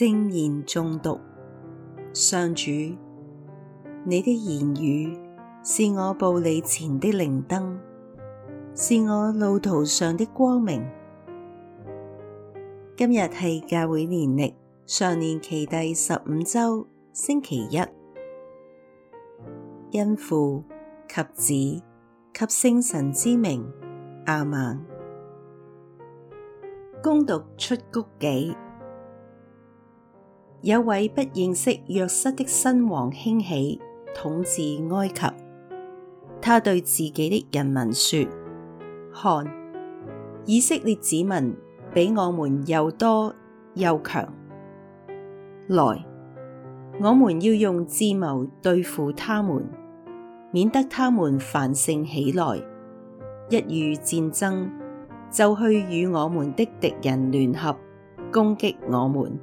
聖言誦讀，上主，你的言語是我步履前的靈燈，是我路途上的光明。今日係教會年曆常年期第十五周，星期一。因父及子及聖神之名，阿門。恭讀出谷紀。有位不認識若瑟的新王興起統治埃及，他對自己的人民說：看，以色列子民比我們又多又強，來，我們要用智謀對付他們，免得他們繁盛起來。一遇戰爭，就去與我們的敵人聯合攻擊我們。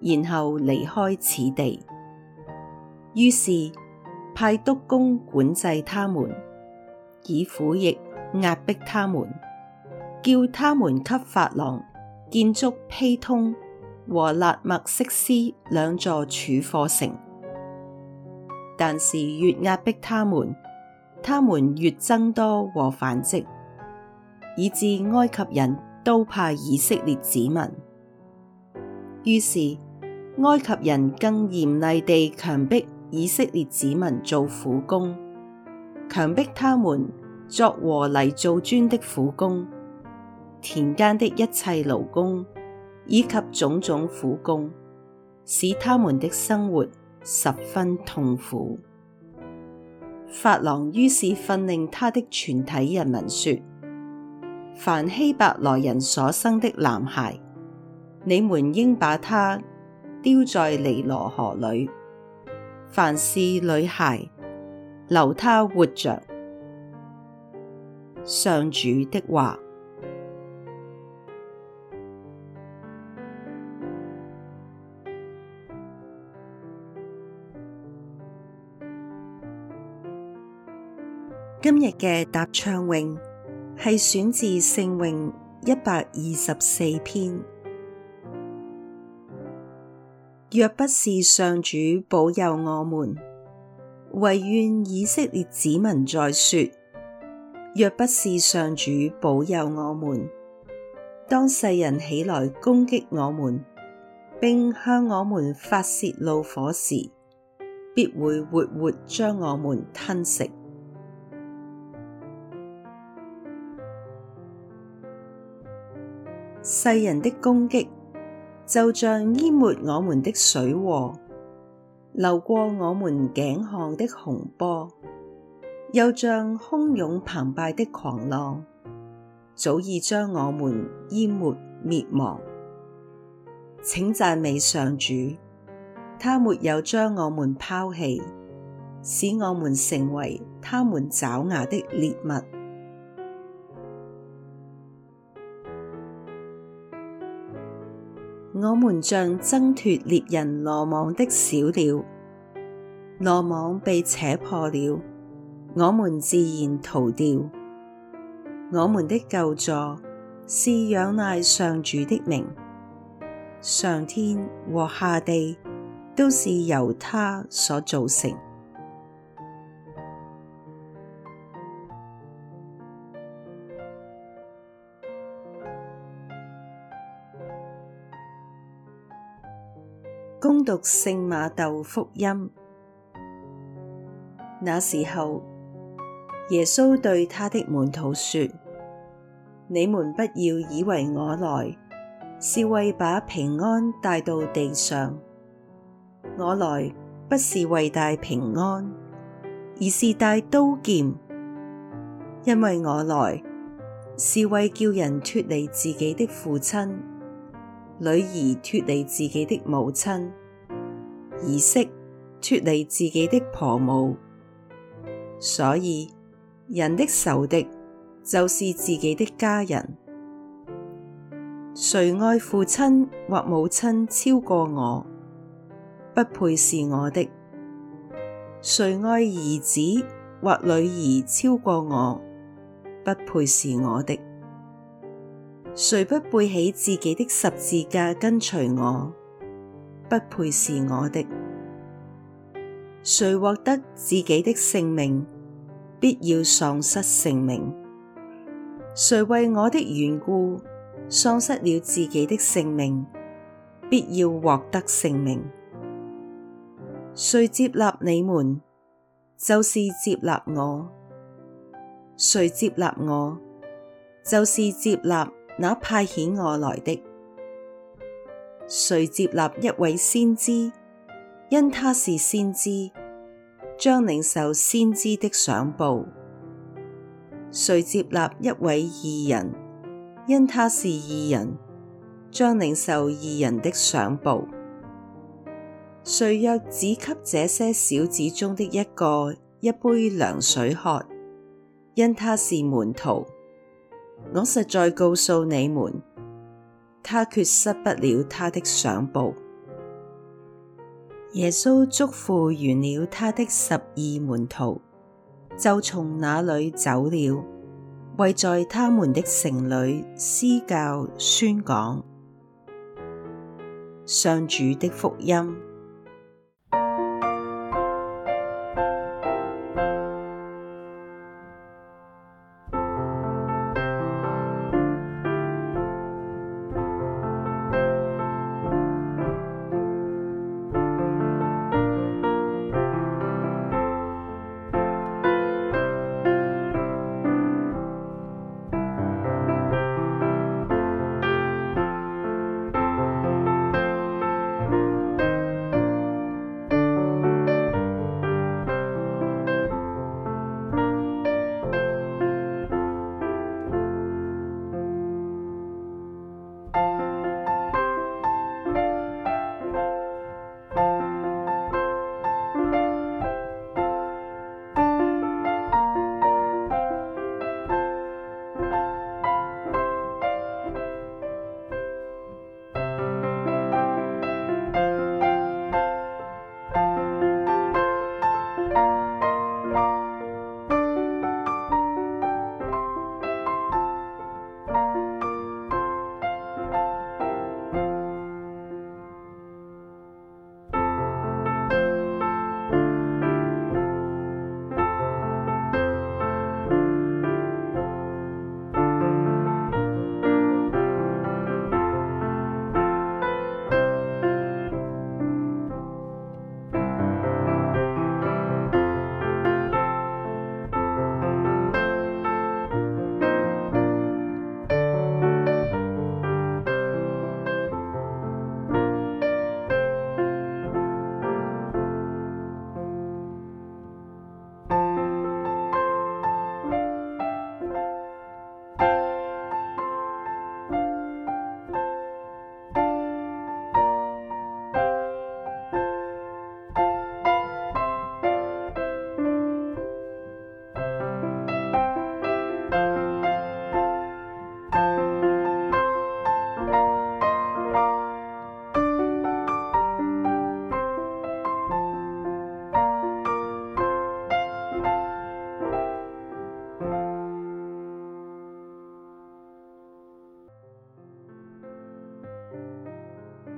然後離開此地。於是派督工管制他們，以苦役壓迫他們，叫他們給法郎建築丕通和辣默色斯兩座貯貨城。但是越壓迫他們，他們越增多和繁殖，以至埃及人都怕以色列子民。於是。埃及人更嚴厲地強迫以色列子民做苦工，強迫他們作和泥做磚的苦工，田間的一切勞工以及種種苦工，使他們的生活十分痛苦。法郎於是訓令他的全體人民說：「凡希伯來人所生的男孩，你們應把他。丟在尼羅河裏，凡是女孩，留她活着。上主的話：今日嘅答唱詠係選自聖詠一百二十四篇。若不是上主保佑我們，唯願以色列子民再說：若不是上主保佑我們，當世人起來攻擊我們，並向我們發洩怒火時，必會活活將我們吞食。世人的攻擊。就像淹沒我們的水禍，流過我們頸項的洪波，又像洶湧澎湃的狂浪，早已將我們淹沒滅亡。請讚美上主，他沒有將我們拋棄，使我們成為他們爪牙的獵物。我們像掙脫獵人羅網的小鳥，羅網被扯破了，我們自然逃掉。我們的救助是仰賴上主的名，上天和下地都是由他所造成。讀聖馬竇福音，那時候耶穌對他的門徒說：你們不要以為我來是為把平安帶到地上，我來不是為帶平安，而是帶刀劍，因為我來是為叫人脫離自己的父親，女兒脫離自己的母親。兒媳脫離自己的婆母，所以人的仇敵，就是自己的家人。誰愛父親或母親超過我，不配是我的；誰愛兒子或女兒超過我，不配是我的。誰不背起自己的十字架跟隨我，不配是我的。誰獲得自己的性命，必要喪失性命；誰為我的緣故喪失了自己的性命，必要獲得性命。誰接納你們，就是接納我；誰接納我，就是接納那派遣我來的。誰接納一位先知，因他是先知，將領受先知的賞報；誰接納一位義人，因他是義人，將領受義人的賞報；誰若只給這些小子中的一個，一杯涼水喝，因他是門徒，我實在告訴你們。他決失不了他的賞報。耶穌囑咐完了他的十二門徒，就從那裏走了，為在他們的城裏施教宣講上主的福音。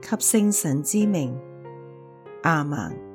給聖神之名，阿們。